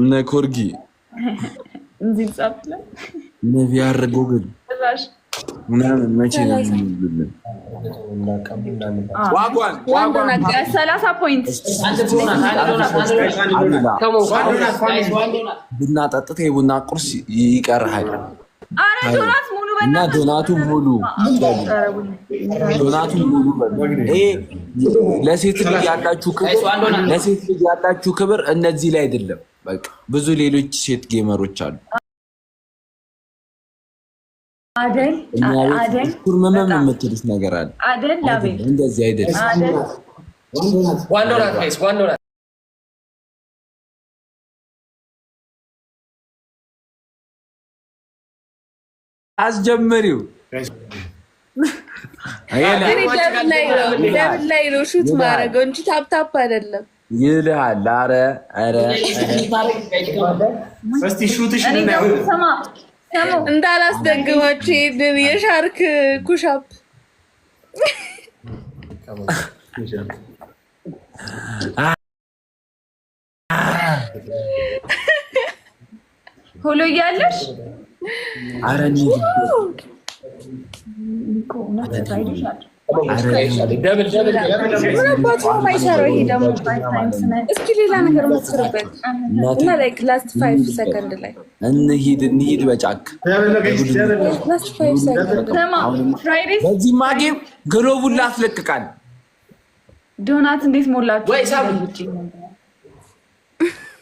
እነ ኮርጊ እነዚህ አድርጎ ግን ምናምን መቼ ነው ብና ጠጥተህ የቡና ቁርስ ይቀርሃል። አረ ዶናት እና ዶናቱ ሙሉ ዶናቱ ሙሉ ለሴት ልጅ ያላችሁ ክብር ለሴት ልጅ ያላችሁ ክብር እነዚህ ላይ አይደለም። በቃ ብዙ ሌሎች ሴት ጌመሮች አሉ። አደል አደል ኩርመመም የምትሉት ነገር አለ አደል። እንደዚህ አይደለም። ዋን ዶናት ዋን ዶናት አስጀመሪው ላይ ነው ሹት ማድረገው እንጂ ታፕታፕ አይደለም ይልሃል። አረ አረ እንዳላስደግማችሁ ይሄንን የሻርክ ኩሻፕ ሁሉ እያለሽ እስኪ ሌላ ነገር መስርበት እና ላይክ ላስት ፋይቭ ሰከንድ ላይ እንሂድ እንሂድ በጫክ ግሎቡን ላስለቅቃል ዶናት እንዴት ሞላችሁ?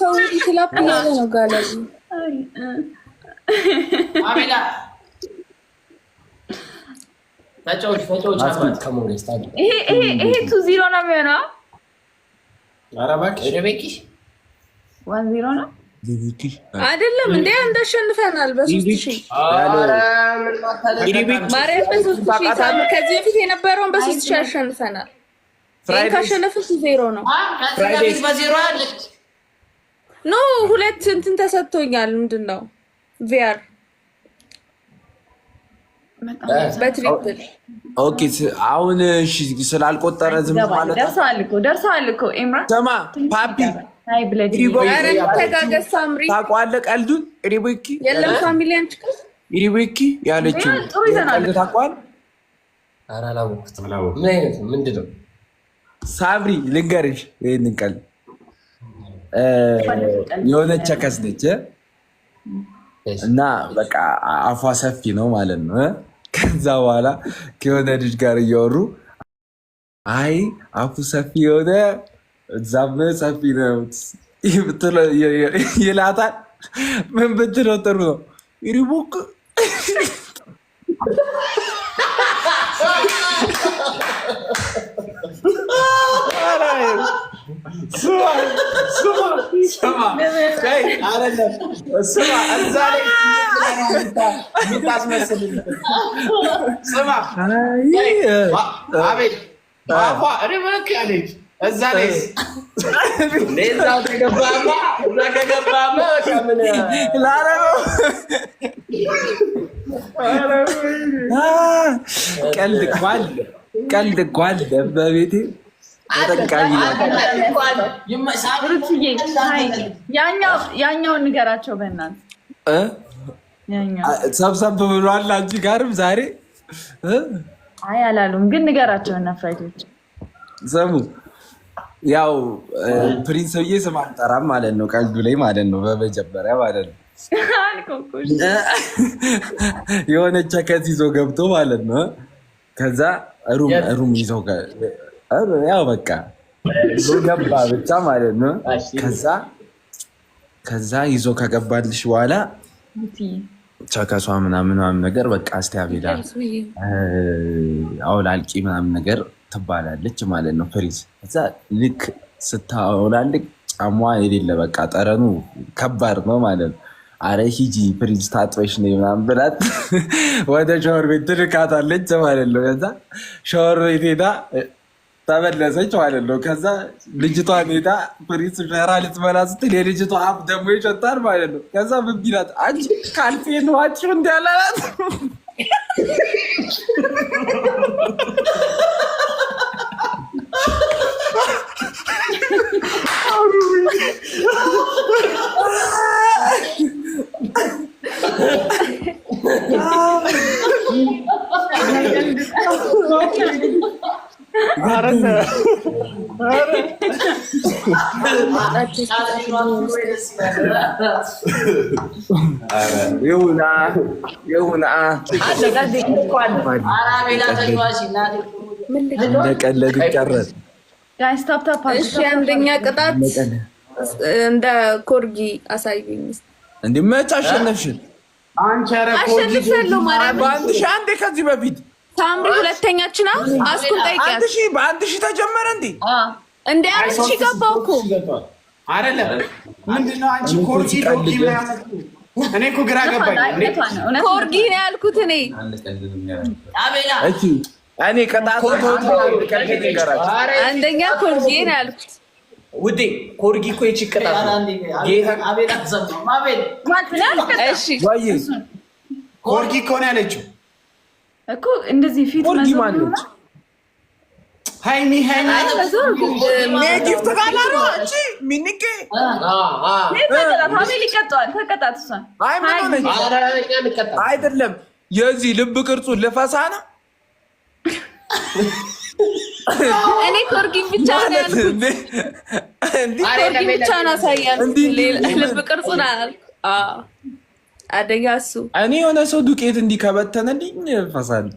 ሰው ትላፕ ነው ይሄ ቱ ዚሮ ነው የሚሆነው። አይደለም እንዴ? እንዳሸንፈናል በሶስት ሺህ ከዚህ በፊት የነበረውን በሶስት ሺህ አሸንፈናል። ካሸነፍሽ ዜሮ ነው። ኖ ሁለት እንትን ተሰጥቶኛል። ምንድን ነው ቪያር ኦኬ። አሁን ስላልቆጠረ ዝም ማለት ደርሰዋል እኮ ደርሰዋል እኮ ኤምራ ስማ፣ ፓፒ ታውቀዋለህ ቀልዱን ሪቦኪ የለም ያለችው ታውቀዋለህ። ኧረ አላወኩትም። ምንድን ነው ሳብሪ ልንገርሽ፣ ይህንን ቀን የሆነች ቸከስ ነች እና በቃ አፏ ሰፊ ነው ማለት ነው። ከዛ በኋላ ከሆነ ልጅ ጋር እያወሩ አይ አፉ ሰፊ የሆነ እዛም ሰፊ ነው ይላታል። ምን ብትለው ጥሩ ነው ሪቡክ صغير صغير صغير سمع شيء على سمع انزالي انت تمثل سمع عبيد عفوا ربك عليك እዛ ሌዛ ከገባማ እዛ ከገባማ ከምን ላረው ቀልድ ጓል ቀልድ ጓል በቤቴ ያኛውን ንገራቸው በእናትህ ሰብሰብ ብሏል። አንቺ ጋርም ዛሬ አይ አላሉም፣ ግን ንገራቸው እና ፍራይቶች ስሙ። ያው ፕሪንስ ብዬ ስም አልጠራም ማለት ነው፣ ቀልዱ ላይ ማለት ነው፣ በመጀመሪያ ማለት ነው። የሆነች ከት ይዞ ገብቶ ማለት ነው። ከዛ ሩም ይዘው ያው በቃ ገባ ብቻ ማለት ነው። ከዛ ከዛ ይዞ ከገባልሽ በኋላ ቻካሷ ምናምን ምናምን ነገር በቃ አስተያቤላ አውላልቂ ምናምን ነገር ትባላለች ማለት ነው። ፍሪዝ እዛ ልክ ስታውላልቅ ጫሟ የሌለ በቃ ጠረኑ ከባድ ነው ማለት ነው። አረ ሂጂ ፍሪጅ ታጥበሽ ነው ምናምን ብላት ወደ ሻወር ቤት ትልካታለች ማለት ነው። ከዛ ሻወር ቤት ሄዳ ተመለሰች ማለት ነው። ከዛ ልጅቷ ሜዳ ፕሪንስ ሸራ ልትበላ ስትል የልጅቷ አፍ ደግሞ ይሸታል ማለት ነው። ከዛ ብቢላት አንቺ ካልፌ ነዋችሁ እንዲያላላት እንደቀለዱ ይቀረል። አንደኛ ቅጣት እንደ ኮርጊ አሳዩኝ። እንደ መች አሸነፍሽን? በአንድ ሺህ አንዴ ከዚህ በፊት ታምሪ ሁለተኛችን አስኩን ጠይቂያት። በአንድ ሺህ ተጀመረ እንዴ? እንደ አንቺ ገባው እኮ አይደለም። ምንድነው አንቺ ኮርጊ ዶጊ እኔ እኮ ግራ ገባኝ። ኮርጊ ነው ያልኩት እኔ አቤላ እኔ አንደኛ ኮርጊ ነው ያልኩት ውዴ። ኮርጊ እኮ የቺ ቅጣት ኮርጊ እኮ ነው ያለችው እኮ እንደዚህ ፊት ሀይሚ ሀይሚ አይደለም የዚህ ልብ ቅርጹ ልፈሳ ነው። እኔ ኮርጊን ብቻ ነው ያልኩት። ብቻ ነው ያሳያልኩት። ልብ ቅርጹን አደጋ እሱ እኔ የሆነ ሰው ዱቄት እንዲከበተነልኝ ልፈሳ ነው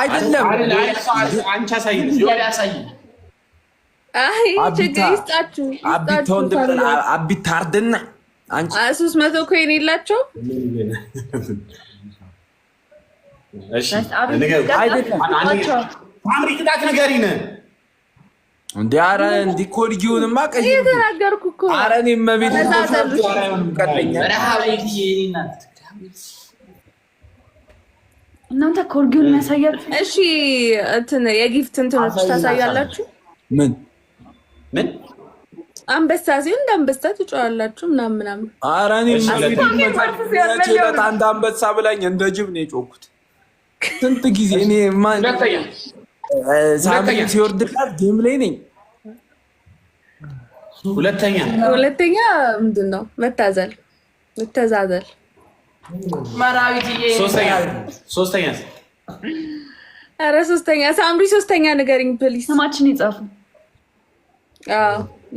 አይደለም አቢታርድና ሶስት መቶ ኮይን የላቸው ቅጣት ንገሪን። እንዲ አረ እንዲ እኮ ልጅሁንማ እኮ አረ እኔ መቤት ቀለኛ እናንተ ኮርጊውን የሚያሳያችሁ እሺ፣ እንትን የጊፍት እንትኖች ታሳያላችሁ። ምን ምን አንበሳ ሲሆን እንደ አንበሳ ትጮዋላችሁ ምናምን ምናምን። ኧረ አንድ አንበሳ ብላኝ እንደ ጅብ ነው የጮኩት ስንት ጊዜ። እኔ ሳምሪ ሲወርድላት ጌም ላይ ነኝ። ሁለተኛ ሁለተኛ ምንድን ነው መታዘል መተዛዘል ሶስተኛ ኧረ ሶስተኛ ሳምሪ ሶስተኛ ንገሪኝ ፕሊስ። ስማችን ይጻፉ።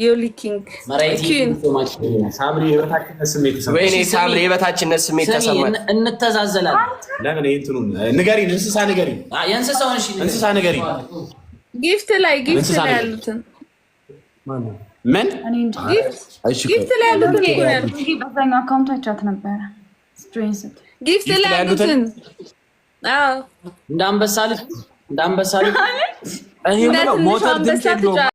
ዮሊኪንግ ሳምሪ የበታችነት ስሜት ተሰማኝ። እንተዛዘላለን። ጊፍት ላይ ጊፍት ላይ ያሉትን ምን ጊፍት ላይ ያሉትን በዛኛው አካውንት አይቻት ነበረ ጊፍት ላይ ያሉትን እንደ አንበሳ ልጅ እንደ አንበሳ ልጅ ሞተር ድምፅ የለውም።